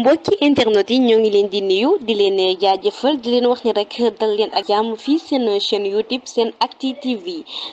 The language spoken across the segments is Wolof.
mbokki internet yi ñoo ngi leen di nuyu di leen jaajëfal di leen wax ni rek dal leen ak jàmm fii seen chaîne youtube seen acti tv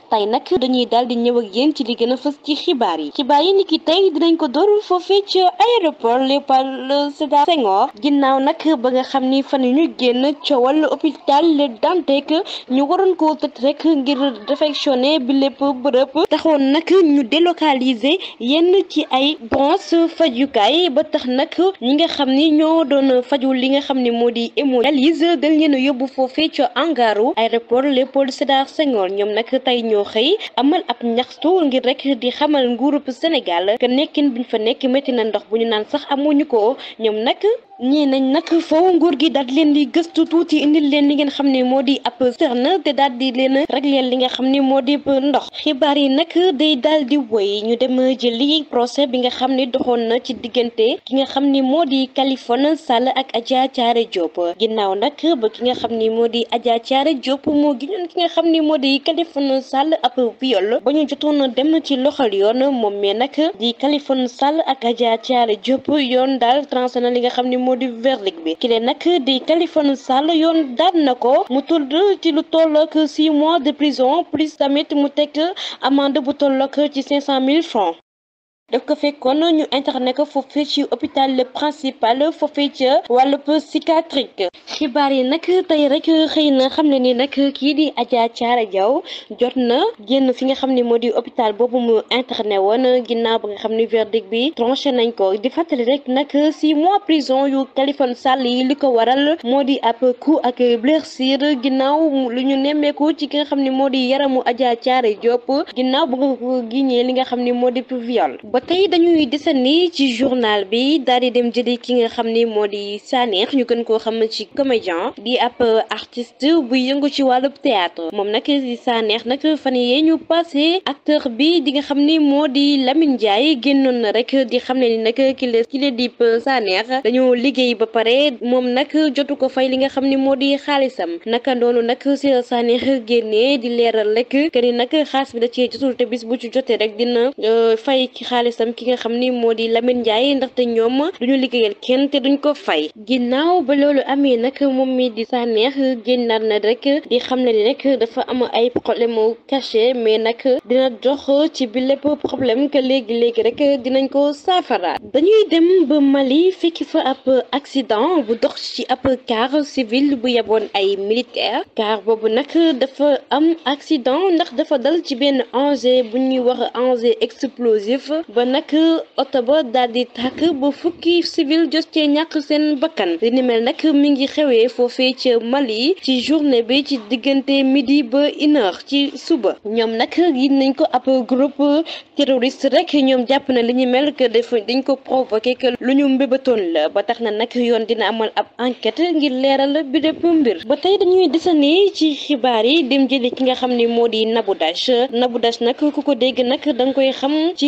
tey nag dañuy daal di ñëw ak yéen ci li gën a fës ci xibaar yi xibaar yi niki tey dinañ ko dooru foofee ci aéroport Léopold Sédar Senghor ginnaaw nag ba nga xam ni fan ñu génn coowal hôpital Le Dantec ñu waroon ko tëj rekk ngir réfectionné bi lépp bërëb taxoon nag ñu délocaliser yenn ci ay branche fajukaay ba tax nag ñi nga xam ni ñoo doon fajul li nga xam ni moo di hémodialyse dañ leen a yóbbu foofee ca angaaru aéroport Léopold Sédar Senghor ñoom nag tey ñoo xëy amal ab ñaxtu ngir rek di xamal nguurub Sénégal que nekkin biñ fa nekk métti na ndox bu ñu naan sax amuñu ko ñoom nag ñii nañ nag foofu nguur gi daal leen di gëstu tuuti indil leen li ngeen xam ne moo di ab serna te daal di leen réglé li nga xam ni moo di ndox xibaar yi nak day daal di woy ñu dem jëli procès bi nga xam ne doxoon na ci diggante ki nga xam ni moo di kalifon Sall ak Adja Thiaré Diop ginnaaw nag ba ki nga xam ni moo di Adja Thiaré moo giñoon ki nga xam ne moo di Kaliphone Sall ab viol ba ñu jotoon dem ci loxol yoon moom mi nag di Sall ak Adja Thiaré Diop yoon daal transé li nga xam ne moo di verdict bi ki leen nag di Kaliphone Sall yoon daan na ko mu tudd ci lu tollook six mois de prison plus tamit mu tekk amende bu tollook ci cinq cent mille francs daf ko fekkoon ñu interné ko foofee ci hôpital le principal foofee ca wàllub psychiatrique xibaar yi nag tey rek xëy na xam ne ni nag kii di Adja Thiara Diaw jot na génn fi nga xam ne moo di hôpital boobu mu interné woon ginnaaw ba nga xam ni verdict bi tranché nañ ko di fàttali rek nag six mois prison yu Kaliphone sàll yi li ko waral moo di ab coup ak blessure ginnaaw lu ñu nemmeeku ci ki nga xam ne moo di yaramu Adja Thiara Diop ginnaaw ba nga ko giñee li nga xam ne moo di viol ba tey dañuy desandi ci journal bi daal di dem jëli ki nga xam ni moo di Sanex ñu gën ko xam na ci comédien di ab artiste buy yëngu ci wàllu théâtre moom nag di Sanex nag fan yee ñu passé acteur bi di nga xam ni moo di lamin Ndiaye génnoon na rek di xam ne ni nag ki la ki la dip Sanex dañoo liggéey ba pare moom nag jotu ko fay li nga xam ni moo di xaalisam naka noonu nag si Sanex génnee di leeral rek que ni nag xaas bi na cee jotul bu ci jotee rek euh, xaalisam ki nga xam ni moo di Lamine Ndiaye ndaxte ñoom duñu liggéeyal kenn te duñu ko fay ginnaaw ba loolu amee nag moom mi di Sanex génnaat na rek di xam ne ni rek dafa am ay problème mu caché mais nag dina dox ci bi lépp problème que léegi-léegi rek dinañ ko saafara dañuy dem ba Mali fekki fa ab accident bu dox ci ab car civil bu yeboon ay militaire car boobu nag dafa am accident ndax dafa dal ci benn engin bu ñuy wax engin explosif ba nag oto ba daal di tàkk ba fukki civil jos cee ñàkk seen bakkan li ni mel nag mi ngi xewee foofee ca Mali ci journée bi ci diggante midi ba une ci suba ñoom nag yi nañ ko ab groupe terroriste rek ñoom jàpp na li ñu mel que dañ ko provoqué que lu ñu mbébatoon la ba tax na nag yoon dina amal ab enquête ngir leeral bi dépp mbir ba tey dañuy desani ci xibaar yi dem jëli ki nga xam ni moo di nabu Dash nabu Dash nag ku ko dégg nag danga koy xam ci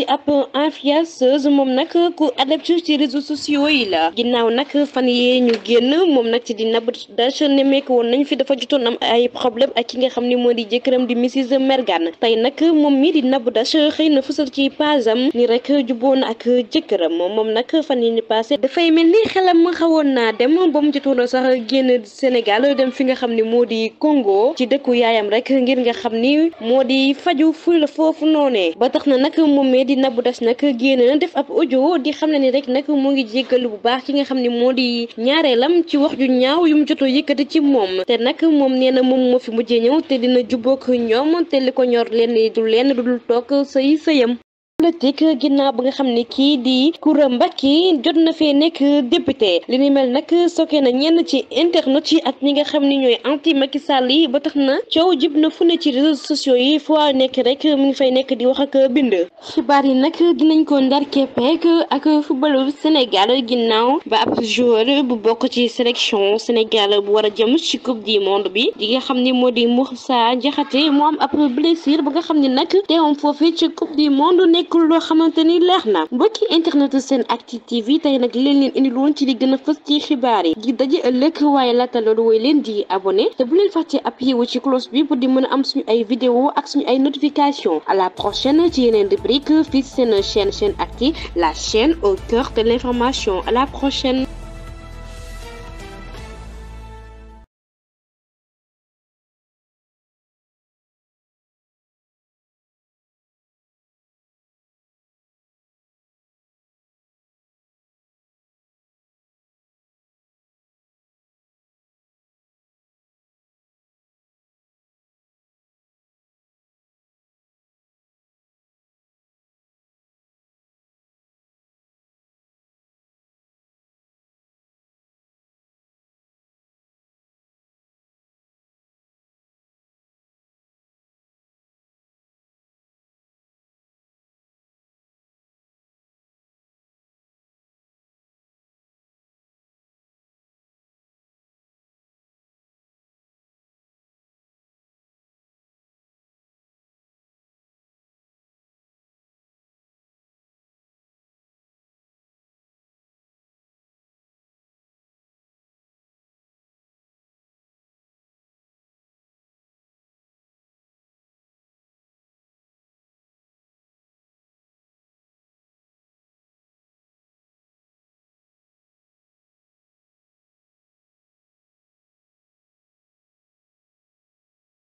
influenceuse moom nag ku adepte ci réseaux sociaux yi la ginnaaw nag fan yee ñu génn moom nag ci di nab dash nemmeek woon nañ fi dafa jotoon am ay problème ak ki nga xam ne moo di jëkkëram di Mrs Mergane tey nag moom mi di nab dash xëy na fësal ci paasam ni rek jubboon ak jëkkëram moom nag fan yi ni passé dafay mel ni xelam xawoon naa dem ba mu jotoon a sax génn Sénégal dem fi nga xam ni moo di Congo ci dëkku yaayam rek ngir nga xam ni moo di faju fu la foofu noonee ba tax na nag moom mi di nab dash nag génn def ab audio di xam ne ni rek nag mu ngi jéggalu bu baax ci nga xam ne moo di ñaareelam ci wax ju ñaaw yu mu jotoo yëkkati ci moom te nag moom nee na moom moo fi mujjee ñëw te dina jubboog ñoom te li ko ñor leen du lenn du dul toog sëy sëyam politique ginnaaw ba nga xam ne kii di Coura Macky jot na fee nekk député li ni mel nag sookee na ñenn ci internet yi ak ñi nga xam ni ñooy anti Macky Sall yi ba tax na coow jib na fu ne ci réseaux sociaux yi foo nekk rek mu ngi fay nekk di wax ak bind xibaar yi nag dinañ ko ndar keppeek ak footballu Sénégal ginnaaw ba ab joueur bu bokk ci sélection Sénégal bu war a jëm ci coupe du monde bi di nga xam ni moo di Moussa Diakhaté mu am ab blessure ba nga xam nekkul loo xamante ni leer na mbokki internet seen active tv tey nag leen leen indi ci li gën a fës ci xibaar yi di daje ëllëg waaye laata loolu woy leen di abonné te bu leen fàttee appuyé wu ci cloche bi pour di mën am suñu ay vidéo ak suñu ay notification à la prochaine ci yeneen rubrique fii seen chaîne chaîne active la chaîne au cœur l'information à la prochaine